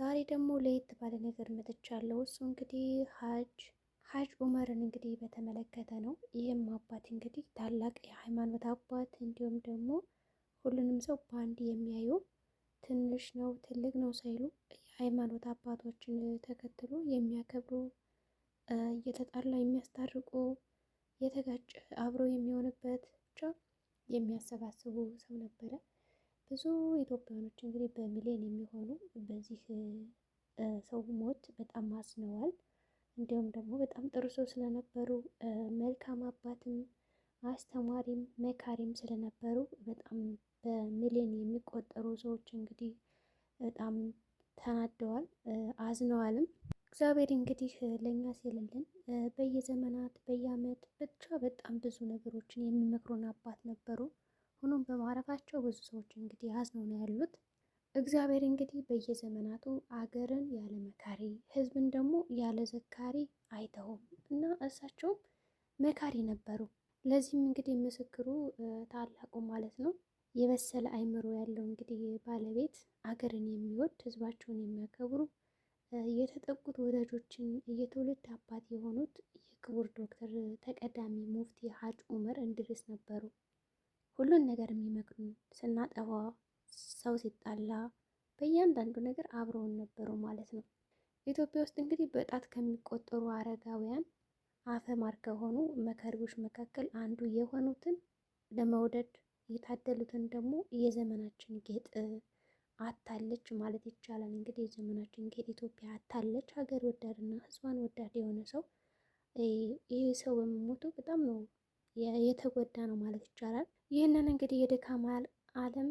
ዛሬ ደግሞ ለየት ባለ ነገር መጥቻለሁ። እሱ እንግዲህ ሀጅ ሀጅ ኡመርን እንግዲህ በተመለከተ ነው። ይህም አባት እንግዲህ ታላቅ የሃይማኖት አባት እንዲሁም ደግሞ ሁሉንም ሰው በአንድ የሚያዩ ትንሽ ነው ትልቅ ነው ሳይሉ የሃይማኖት አባቶችን ተከትሎ የሚያከብሩ እየተጣላ የሚያስታርቁ የተጋጨ አብሮ የሚሆንበት ብቻ የሚያሰባስቡ ሰው ነበረ። ብዙ ኢትዮጵያኖች እንግዲህ በሚሊዮን የሚሆኑ በዚህ ሰው ሞት በጣም አዝነዋል። እንዲሁም ደግሞ በጣም ጥሩ ሰው ስለነበሩ መልካም አባትም አስተማሪም መካሪም ስለነበሩ በጣም በሚሊዮን የሚቆጠሩ ሰዎች እንግዲህ በጣም ተናደዋል፣ አዝነዋልም። እግዚአብሔር እንግዲህ ለእኛ ሲልልን በየዘመናት በየዓመት ብቻ በጣም ብዙ ነገሮችን የሚመክሩን አባት ነበሩ። ሆኖም በማረፋቸው ብዙ ሰዎች እንግዲህ አዝነው ነው ያሉት። እግዚአብሔር እንግዲህ በየዘመናቱ አገርን ያለ መካሪ ህዝብን ደግሞ ያለ ዘካሪ አይተውም እና እሳቸውም መካሪ ነበሩ። ለዚህም እንግዲህ ምስክሩ ታላቁ ማለት ነው የበሰለ አይምሮ ያለው እንግዲህ ባለቤት አገርን የሚወድ ህዝባቸውን የሚያከብሩ የተጠቁት ወዳጆችን የትውልድ አባት የሆኑት የክቡር ዶክተር ተቀዳሚ ሙፍቲ ሀጅ ኡመር እንድሪስ ነበሩ። ሁሉን ነገር የሚመክሩ ስናጠፋ፣ ሰው ሲጣላ በእያንዳንዱ ነገር አብረውን ነበሩ ማለት ነው። ኢትዮጵያ ውስጥ እንግዲህ በጣት ከሚቆጠሩ አረጋውያን አፈማር ከሆኑ መካሪዎች መካከል አንዱ የሆኑትን ለመውደድ የታደሉትን ደግሞ የዘመናችን ጌጥ አታለች ማለት ይቻላል። እንግዲህ የዘመናችን ጌጥ ኢትዮጵያ አታለች። ሀገር ወዳድና ሕዝቧን ወዳድ የሆነ ሰው ይህ ሰው በመሞቱ በጣም ነው የተጎዳ ነው ማለት ይቻላል። ይህንን እንግዲህ የድካም ዓለም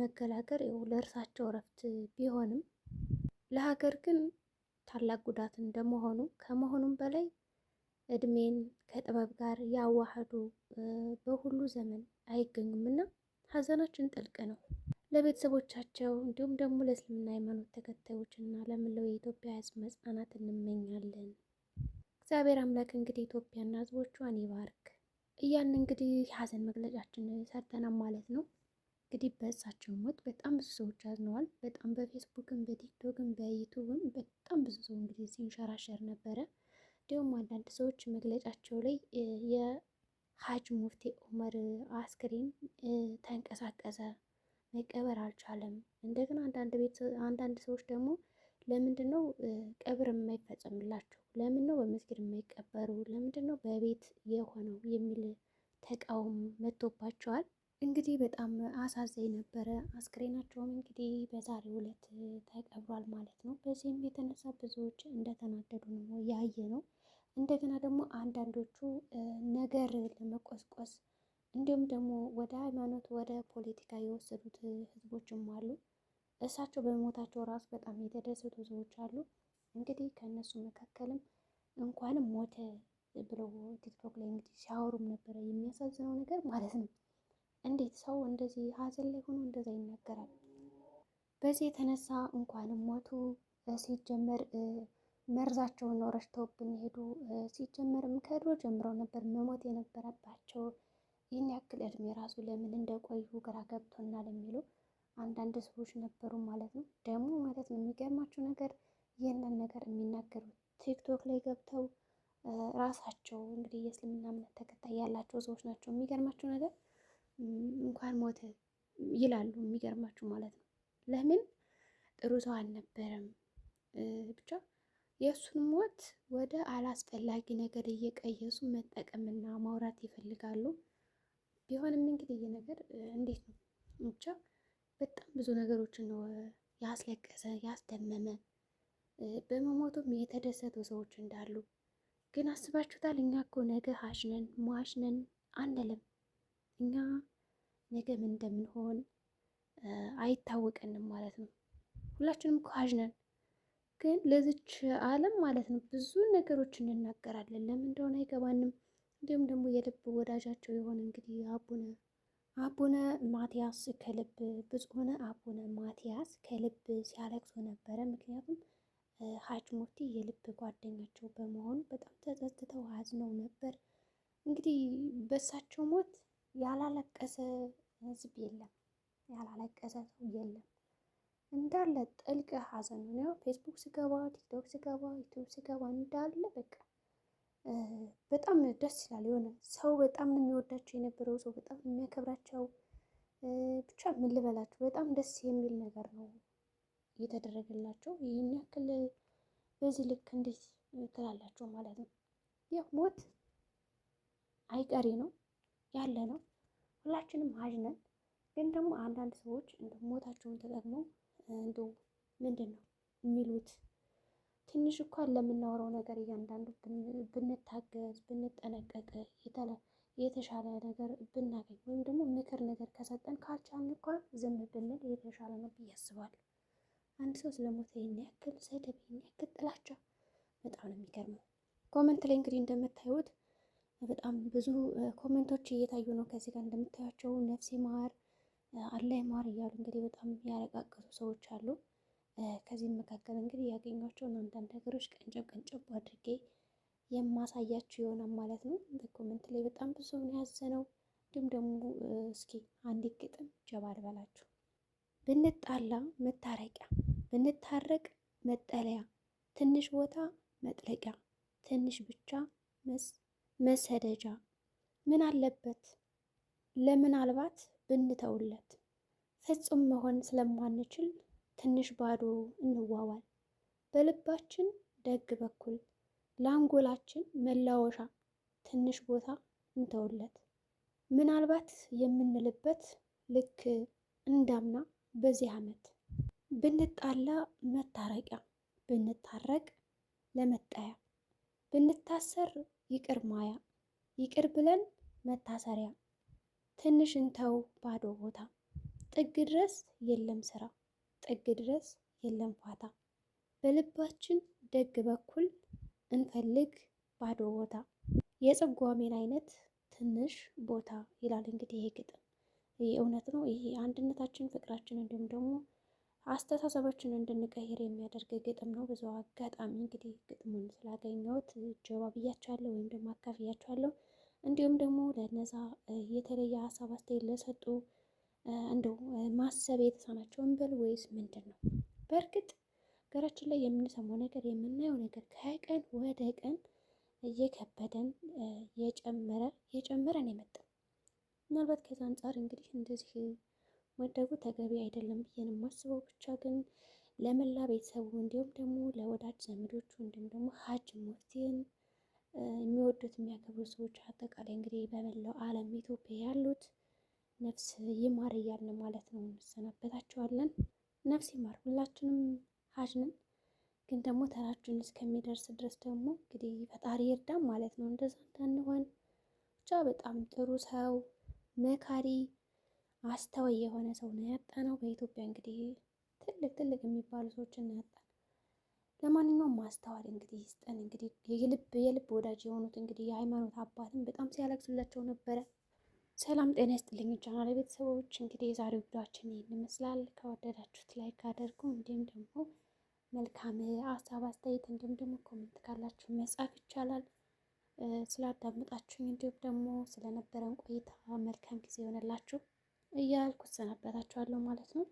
መገላገል ው ለእርሳቸው እረፍት ቢሆንም ለሀገር ግን ታላቅ ጉዳት እንደመሆኑ ከመሆኑም በላይ እድሜን ከጥበብ ጋር ያዋህዱ በሁሉ ዘመን አይገኙም እና ሀዘናችን ጥልቅ ነው። ለቤተሰቦቻቸው እንዲሁም ደግሞ ለእስልምና ሃይማኖት ተከታዮች እና ለምለው የኢትዮጵያ ሕዝብ መጽናናት እንመኛለን። እግዚአብሔር አምላክ እንግዲህ ኢትዮጵያና ሕዝቦቿን ይባርክ። እያን እንግዲህ የሀዘን መግለጫችን ሰርተናል ማለት ነው። እንግዲህ በእሳቸው ሞት በጣም ብዙ ሰዎች አዝነዋል። በጣም በፌስቡክም፣ በቲክቶክም፣ በዩቱብም በጣም ብዙ ሰው እንግዲህ ሲንሸራሸር ነበረ። እንዲሁም አንዳንድ ሰዎች መግለጫቸው ላይ የሀጅ ሙፍቲ ኡመር አስክሬን ተንቀሳቀሰ መቀበር አልቻለም። እንደገና አንዳንድ ሰዎች ደግሞ ለምንድን ነው ቀብር የማይፈጸምላቸው ለምን ነው በመስጊድ የማይቀበሩ? ለምንድን ነው በቤት የሆነው የሚል ተቃውሞ መጥቶባቸዋል። እንግዲህ በጣም አሳዛኝ ነበረ። አስክሬናቸውም እንግዲህ በዛሬው ዕለት ተቀብሯል ማለት ነው። በዚህም የተነሳ ብዙዎች እንደተናደዱ ነው ያየ ነው። እንደገና ደግሞ አንዳንዶቹ ነገር ለመቆስቆስ እንዲሁም ደግሞ ወደ ሃይማኖት፣ ወደ ፖለቲካ የወሰዱት ህዝቦችም አሉ። እሳቸው በሞታቸው ራሱ በጣም የተደሰቱ ሰዎች አሉ። እንግዲህ ከእነሱ መካከልም እንኳንም ሞተ ብለው ቲክቶክ ላይ እንግዲህ ሲያወሩም ነበረ። የሚያሳዝነው ነገር ማለት ነው እንዴት ሰው እንደዚህ ሀዘን ላይ ሆኖ እንደዛ ይናገራል? በዚህ የተነሳ እንኳንም ሞቱ። ሲጀመር መርዛቸውን ነው ረሽተውብን ሄዱ። ሲጀመርም ከድሮ ጀምረው ነበር መሞት የነበረባቸው። ይህን ያክል እድሜ ራሱ ለምን እንደቆዩ ግራ ገብቶናል የሚሉ አንዳንድ ሰዎች ነበሩ ማለት ነው። ደግሞ ማለት ነው የሚገርማቸው ነገር ይህንን ነገር የሚናገሩት ቲክቶክ ላይ ገብተው ራሳቸው እንግዲህ የእስልምና እምነት ተከታይ ያላቸው ሰዎች ናቸው። የሚገርማቸው ነገር እንኳን ሞተ ይላሉ። የሚገርማቸው ማለት ነው። ለምን ጥሩ ሰው አልነበረም። ብቻ የእሱን ሞት ወደ አላስፈላጊ ነገር እየቀየሱ መጠቀምና ማውራት ይፈልጋሉ። ቢሆንም እንግዲህ ይህ ነገር እንዴት ነው ብቻ በጣም ብዙ ነገሮችን ነው ያስለቀሰ ያስደመመ በመሞቱም የተደሰቱ ሰዎች እንዳሉ ግን አስባችሁታል? እኛ እኮ ነገ ሀሽነን ሟሽነን አንልም። እኛ ነገ ምን እንደምንሆን አይታወቀንም ማለት ነው። ሁላችንም እኮ ሀሽነን፣ ግን ለዚች ዓለም ማለት ነው ብዙ ነገሮች እንናገራለን። ለምን እንደሆነ አይገባንም። እንዲሁም ደግሞ የልብ ወዳጃቸው የሆነ እንግዲህ አቡነ አቡነ ማቲያስ ከልብ ብፁዕ ሆነ አቡነ ማቲያስ ከልብ ሲያለቅሱ ነበረ ምክንያቱም ሀጅ ሙፍቲ የልብ ጓደኛቸው በመሆኑ በጣም ተጸጽተው አዝነው ነበር። እንግዲህ በእሳቸው ሞት ያላለቀሰ ህዝብ የለም፣ ያላለቀሰ ሰው የለም። እንዳለ ጥልቅ ሀዘን ነው። ፌስቡክ ስገባ፣ ቲክቶክ ስገባ፣ ዩቱብ ስገባ እንዳለ በቃ በጣም ደስ ይላል። የሆነ ሰው በጣም የሚወዳቸው የነበረው ሰው በጣም የሚያከብራቸው ብቻ ምን ልበላቸው በጣም ደስ የሚል ነገር ነው። የተደረገላቸው ይህን ያክል በዚህ ልክ እንዴት ትላላቸው ማለት ነው። ይህ ሞት አይቀሬ ነው ያለ ነው። ሁላችንም ሀጅ ነን። ግን ደግሞ አንዳንድ ሰዎች እንደ ሞታቸውን ተጠቅመው እንደ ምንድን ነው የሚሉት ትንሽ እንኳን ለምናወራው ነገር እያንዳንዱ ብንታገዝ ብንጠነቀቅ የተሻለ ነገር ብናገኝ ወይም ደግሞ ምክር ነገር ከሰጠን ካልቻልን እንኳን ዝም ብንል የተሻለ ነው ብዬ አስባለሁ። አንድ ሰው ስለሞተ ይህን ያክል ስድብ፣ ይህን ያክል ጥላቻ በጣም ነው የሚገርመው። ኮመንት ላይ እንግዲህ እንደምታዩት በጣም ብዙ ኮመንቶች እየታዩ ነው። ከዚህ ጋር እንደምታያቸው ነፍሴ ማር አላይ ማር እያሉ እንግዲህ በጣም ያለቃቀሱ ሰዎች አሉ። ከዚህም መካከል እንግዲህ ያገኟቸውን አንዳንድ ነገሮች ቀንጨብ ቀንጨብ አድርጌ የማሳያችሁ ይሆናል ማለት ነው። በኮመንት ላይ በጣም ብዙ ነው ያዘነው። እንዲሁም ደግሞ እስኪ አንዲት ግጥም ጀባ ልበላችሁ። ብንጣላ መታረቂያ፣ ብንታረቅ መጠለያ፣ ትንሽ ቦታ መጥለቂያ፣ ትንሽ ብቻ መሰደጃ። ምን አለበት ለምናልባት ብንተውለት፣ ፍጹም መሆን ስለማንችል ትንሽ ባዶ እንዋዋል። በልባችን ደግ በኩል ለአንጎላችን መላወሻ ትንሽ ቦታ እንተውለት። ምናልባት የምንልበት ልክ እንዳምና በዚህ ዓመት ብንጣላ መታረቂያ፣ ብንታረቅ ለመጣያ፣ ብንታሰር ይቅር ማያ፣ ይቅር ብለን መታሰሪያ። ትንሽ እንተው ባዶ ቦታ፣ ጥግ ድረስ የለም ስራ፣ ጥግ ድረስ የለም ፋታ። በልባችን ደግ በኩል እንፈልግ ባዶ ቦታ፣ የጽጓሜን አይነት ትንሽ ቦታ ይላል እንግዲህ ይሄ ግጥም። እውነት ነው። ይሄ አንድነታችን፣ ፍቅራችን እንዲሁም ደግሞ አስተሳሰባችን እንድንቀይር የሚያደርግ ግጥም ነው። ብዙ አጋጣሚ እንግዲህ ግጥሙን ስላገኘሁት ጀባ ብያቸዋለሁ ወይም ደግሞ አካፍያቸዋለሁ። እንዲሁም ደግሞ ለነዛ የተለየ ሀሳብ አስተያየት ለሰጡ እንደው ማሰብ የተሳናቸው እንበል ወይስ ምንድን ነው? በእርግጥ ሀገራችን ላይ የምንሰማው ነገር የምናየው ነገር ከቀን ወደ ቀን እየከበደን የጨመረ የጨመረን የመጣው ምናልባት ከዛ አንጻር እንግዲህ እንደዚህ መደጉ ተገቢ አይደለም ብዬ ነው የማስበው። ብቻ ግን ለመላ ቤተሰቡ እንዲሁም ደግሞ ለወዳጅ ዘመዶቹ እንዲሁም ደግሞ ሀጅ ሙፍቲን የሚወዱት የሚያከብሩ ሰዎች አጠቃላይ እንግዲህ በመላው ዓለም ኢትዮጵያ ያሉት ነፍስ ይማር እያልን ማለት ነው እንሰናበታቸዋለን። ነፍስ ይማር። ሁላችንም ሀጅ ነን፣ ግን ደግሞ ተራችን እስከሚደርስ ድረስ ደግሞ እንግዲህ ፈጣሪ ይርዳም ማለት ነው። እንደዛ እንዳንሆን ብቻ በጣም ጥሩ ሰው መካሪ አስተዋይ የሆነ ሰው ነው ነው። በኢትዮጵያ እንግዲህ ትልቅ ትልቅ የሚባሉ ሰዎችን ነው ያጣ። ለማንኛውም ማስተዋል እንግዲህ ይስጠን። እንግዲህ የልብ የልብ ወዳጅ የሆኑት እንግዲህ የሃይማኖት አባትን በጣም ሲያለቅሱላቸው ነበረ። ሰላም ጤና ይስጥልኝ ቻናል ቤተሰቦች፣ እንግዲህ የዛሬው ጉዳችን ይህን ይመስላል። ከወደዳችሁት ላይክ አድርጉ፣ እንዲሁም ደግሞ መልካም ሀሳብ አስተያየት፣ እንዲሁም ደግሞ ኮሜንት ካላችሁ መጻፍ ይቻላል። ስላዳመጣችሁኝ እንዲሁም ደግሞ ስለነበረን ቆይታ መልካም ጊዜ ይሆንላችሁ እያልኩ እሰናበታችኋለሁ ማለት ነው።